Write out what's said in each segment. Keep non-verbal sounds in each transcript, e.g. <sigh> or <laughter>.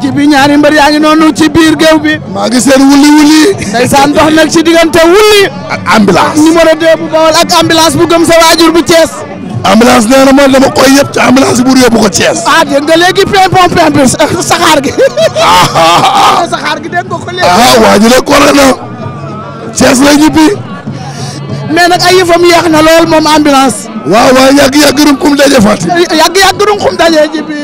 ci bi ñaari mbër yaa ngi noonu ci biir géew bi. maa ngi seen wuli wuli. ndeysaan dox nag ci diggante wuli. ak ambulance numéro 2 bu bawol ak ambulance bu gëm sa waajur bu Thiès. ambulance nee na man dama koy yëpp ci ambulance bu yóbbu ko Thiès. ah dégg nga léegi pimpon pimpon <laughs> saxaar gi. <laughs> saxaar gi dégg nga ko léegi. ah waa ñu ne corona Thiès na lool moom ambulance. waaw waaw yàgg yàgg ruñ kum daje Fatick. yàgg yàgg ruñ kum daje ji bi.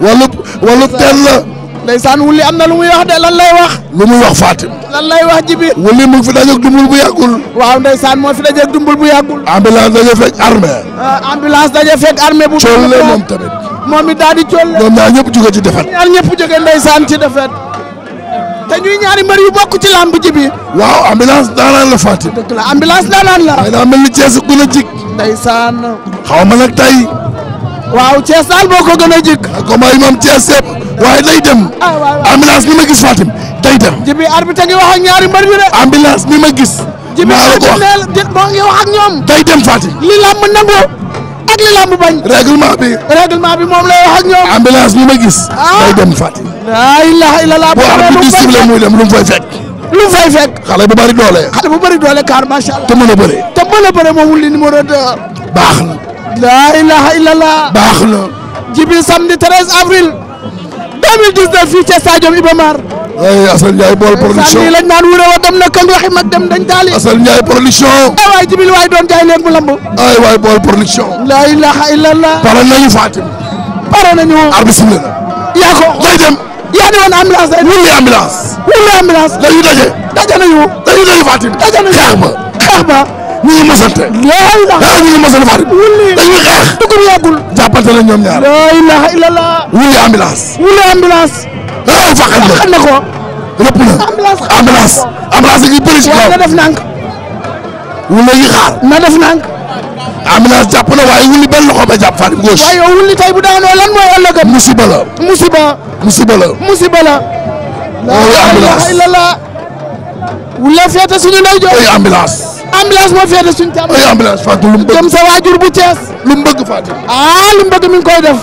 wàllu ndeysaan wuli am na lu muy wax de lan lay wax lu muy wax Fatim lan lay wax jibi wuli mu ngi fi dajeeg dumbul bu yàggul waaw ndeysaan moo fi dajeeg dumbul bu yàggul ambulance daje fekk armée ah, ambulance daje fekk armée bu colle moom tamit moom i daal di colle ñoom ñaar ñëpp ci defet ci defet te ñuy ñaari mbër yu bokk ci lamb ji waaw ambulance daanaan la Fatim dëgg la ambulance daanaan la day daa mel ni Thiès gën a jik ndeysaan xaw ma nag tey waaw Thiès daal boo ko gën a jik combat yi moom Thiès yëpp waaye day dem. Ah, ambulance bi ma gis Fatim day dem. jibi arbitre ngi wax ak ambulance bi ma gis. maa la ko wax moo ngi wax ak ñoom. day dem Fatim. li làmb nangu ak li làmb bañ. règlement bi. règlement bi moom lay wax ñoom. ambulance bi ma gis. Ah. day dem Fatim. laa ilaha illallah. bu arbitre bi siffle muy dem lu mu fay fekk. lu mu fay fekk. xale bu bëri doole. xale bu bëri doole kaar macha allah. te mën a bëre. te mën a bëre moom wul li numéro baax na. la ilaha illallah. baax na. jibi samedi 13 2019 fii ca stadium Iba Mar. ay Assane Ndiaye bool production sànni lañ naan wure wa dem na këng waxi mag dem dañ daali. Assane Ndiaye production. ay eh, waay jibil waay doon jaay leen bu lamb. ay waay bool production. la ilaha illallah. pare nañu Fatim. pare nañu. arbitre la. yaa ko lay dem. yaa ne woon ambulance rek. wulli ambulance. daje. daje nañu. dañuy daje Fatim. daje nañu xeex ñu ngi mosante. ah ñu ngi mosante Fatou. dañuy xeex. dugub yàggul. jàppante la ñoom ñaar. la ilaha illallah. wuli ambulance. wuli ambulance. ah faqal na faqal na ko. na ambulance ambulance. ambulance yi bëri ci kaw. na def nànk. wuli yi xaar. na def nànk. ambulance jàpp na waaye wuli benn loxo jàpp Fatou gauche. waaye wuli tey bu daanoo lan mooy ëllëgam. musiba la. musiba. la. musiba la. wuli ambulance. wuli féete suñu ndeyjo. wuli ambulance. ambulance moo féete suñu càmm. ay ambulance Fatou lu mu bëgg jëm sa waajur bu Thiès. lu mu bëgg Fatou. ah lu mu bëgg mi ngi koy def.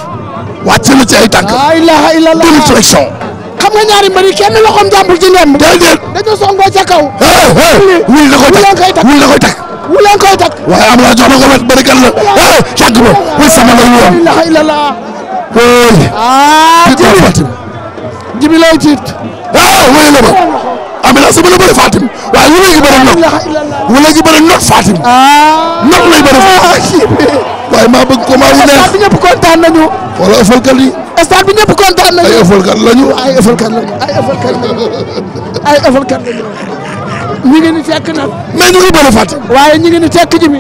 wàcc na ci ay tànk. ah ilaha illallah direction. xam nga ñaari mbër yi kenn loxoom jàmbur ci ngemb. déedéet dañoo songoo ca kaw. wul da koy takk wul da koy takk. wul da koy takk. waaye am na jox na ko wet bëri la. yàgg ba wul sama la ñu am. ilaha ah, jibi lay tiit. ah wóyul la ba ambulance bi la bëri Fatim wala ñu bëri not Fatim. Ah. not lay bëri. Ah, waaye maa bëgg combat yu neex. stade bi ñëpp kontaan nañu. wala ëffalkat yi. stade bi ñëpp kontaan nañu. ay ëffalkat lañu. ay ëffalkat lañu ay ëffalkat lañu ay lañu. ñu ngi ni fekk nag. mais ñu ngi bëri Fatim. waaye ñu ngi ni fekk ji mi.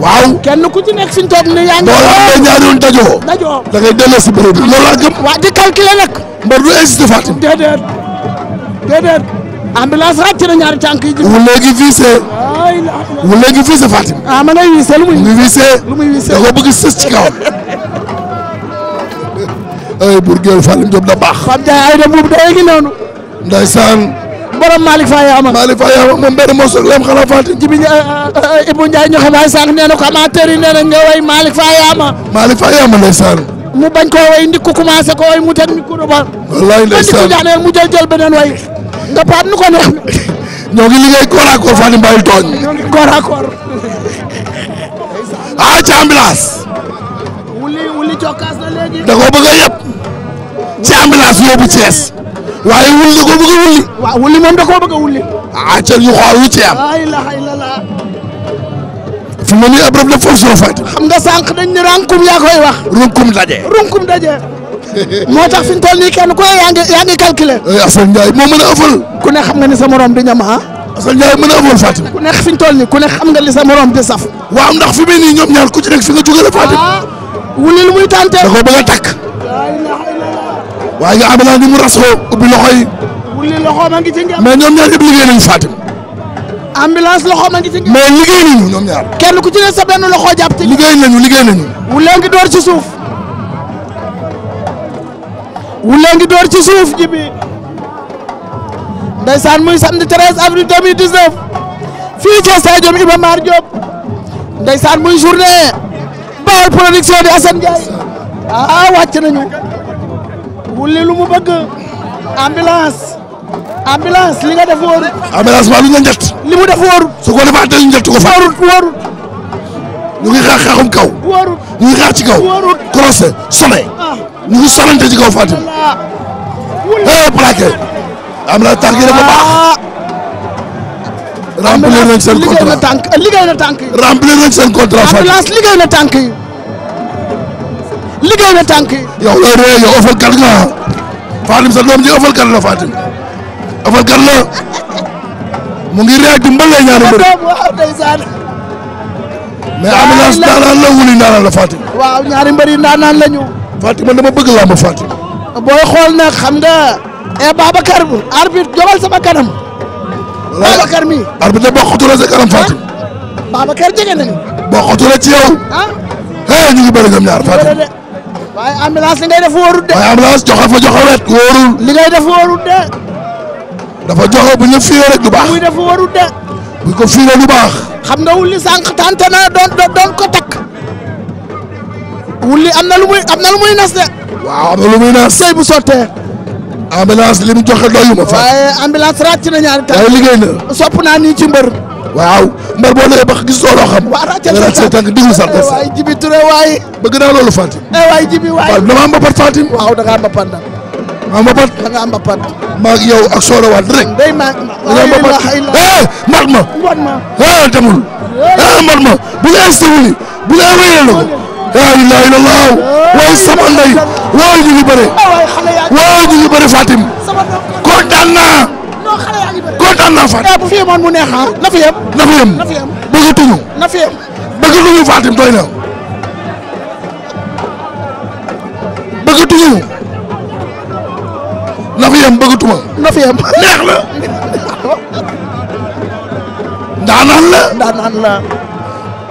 waaw kenn ku ci nekk fi ñu toog ne yaa ngi. boo laalee ñaari yoon dajoo. dajoo da ngay bi. loolu gëm. di calculer nag. mbër du existé Fatim. déedéet ambulance ràcc na ñaari tànk yi. mu léegi visé. mu léegi visé Fatima. ah ma ngay visé lu muy. mu visé lu muy visé da ko bëgg sës ci <laughs> ay da baax. Pape Ndiaye ay dem boobu dayoo ngi noonu. Ndeysaan. borom Malick Faye ama. Malick Faye ama moom benn mos la am xanaa Fatim. ji bi ah, ah, ah, Ibou Ndiaye ñu xabaar sànq nee na ko amateur yi nee na nga way Malick Faye ama. mu bañ koo way ndik ko commencé ko way mu teg micro ba. ba nit ku daaneel mu jël jël beneen way. nga paat nu ko neex ñoo ngi liggéey corps à corps Fane Mbaye tooñ. corps à corps. ah ci ambulance. wuli wuli cokkaas na léegi. da koo bëgg a yëpp. waaye wuli da koo bëgg a wuli. waaw wuli moom da koo a ca ñu xool wu ci am. la ilaha illallah. fi mu ne nii épreuve de force la fay. xam nga dañ ne rankum yaa koy wax. runkum daje. runkum daje. moo tax fi ñu toll nii kenn ku ne yaa ngi yaa ngi calculer. Eh, moo mën a ëffal. ku xam nga ni sa morom di ñam ah. Assane Ndiaye mën a ëffal Fatim. ku ne xam nga li sa morom di saf. waaw ndax fi muy ñoom ñaar ku ci fi nga jógee la Fatim. Ah, wuli lu muy tànte. da koo bëgg a takk. waaye ni mu rasoo ubbi loxo yi. wuli ngi ñoom ñaar yëpp liggéey nañu Fatim. ambulance loxo ma ngi ci ngeen. mais liggéey nañu kenn ku ci ne sa loxo jàpp ci. liggéey nañu liggéey nañu. wuli Wouly ngi door ci suuf jibi ndeysaan muy samedi 13 avril 2019 fii ci stade Iba Mar Diop ndeysaan muy journée Baol production di Assane Ndiaye ah wàcc nañu Wouly lu mu bëgg ambulance ambulance li nga def wóorut. ambulance maa lu ñu njëtt. li mu def wóorut. su ko defaat dañu njëtt ko fa. wóorut wóorut. ñu ngi xaar xaaxum kaw. wóorut ñu xaar ci kaw. wóorut croisé ñu ngi sonante ci kaw Fatim eh plaqué am na tànk yi dafa baax. Ah. remplir nañ seen contrat liggéey na tànk liggéey na tànk yi. remplir yow loolu rek yow ofal kan nga Fatim doom ji ofal kan la Fatim ofal kan la mu ngi rek di mbëllee ñaari mbër. mais ambulance la wuli daanaan la Fatim. waaw ñaari mbër yi la ñu. Fatima dama bëgg làmb Fatima. booy xool nag xam nga. e Babacar arbitre jógal sama kanam. Babacar mi arbitre da bokkatu la sa kanam ah? Fatima. Babacar jege nañu. bokkatu la ci yow. ah. hey eh, ñu ngi bëri ñoom ñaar Fatima. waaye ambulance li def fa joxe wet wóorul. li ngay def wóorul de. dafa joxe bu ñu fiiree rek du baax. muy de. bu ko fiiree du sànq tante ko takk. wulli am na lu muy am na lu muy nas de. waaw am na lu muy nas. sëy bu sottee. ambulance li mu joxe doyuma fa. waaye ambulance ràcc na ñaari tànk. waaye liggéey na. sopp naa nii ci mbër. waaw mbër boo nee ba gis soo loo xam. waaw ràcce na sa tànk diggu sa tànk. waay jibi Touré waay. bëgg naa loolu Fatim. Eh, waay jibi waay waaw dama am mbapat Fatim. waaw da ngaa am mbapat nag. maa mbapat. da ngaa am mbapat. maa ak yow ak Soora waat rek. day ma waaye li ma xëy na mbapat. mbat ma. ah demul. ah eh. mbat ma bu la instauré bu la wéyee la ko. laa ilaaha illallaah waay sama ndey waay ngi bëre waay ñu ngi bëre Fatim kontaan naa kontaan naa Fatim. Eh, bu fi yemoon mu neex ah. na fi yem. na fi yem bëggatuñu. na fi yem bëggatuñu Fatim doy na bëggatuñu na neex na. <laughs> daanaan la.